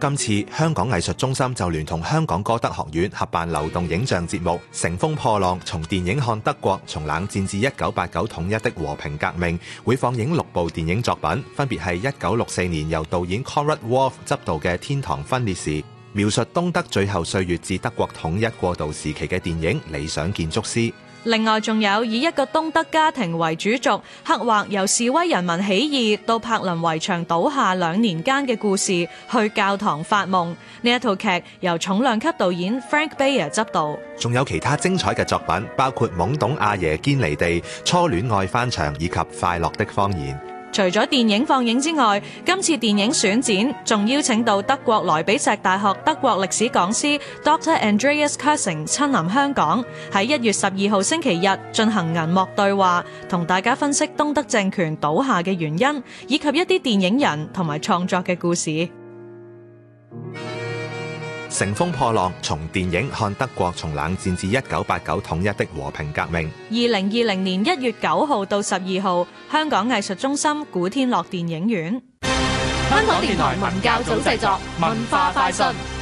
今次香港藝術中心就聯同香港歌德學院合辦流動影像節目《乘風破浪：從電影看德國從冷戰至一九八九統一的和平革命》，會放映六部電影作品，分別係一九六四年由導演 Konrad Wolf 執導嘅《天堂分裂時》，描述東德最後歲月至德國統一過渡時期嘅電影《理想建築師》。另外仲有以一個東德家庭為主軸，刻畫由示威人民起義到柏林圍牆倒下兩年間嘅故事，去教堂發夢。呢一套劇由重量級導演 Frank Bayer 執導。仲有其他精彩嘅作品，包括《懵懂阿爺堅離地》、《初戀愛翻牆》以及《快樂的方言》。除咗電影放映之外，今次電影選展仲邀請到德國萊比錫大學德國歷史講師 Dr. Andreas Kasseng 親臨香港，喺一月十二號星期日進行銀幕對話，同大家分析東德政權倒下嘅原因，以及一啲電影人同埋創作嘅故事。乘風破浪，從電影看德國從冷戰至一九八九統一的和平革命。二零二零年一月九號到十二號，香港藝術中心古天樂電影院。香港電台文教組製作文化快訊。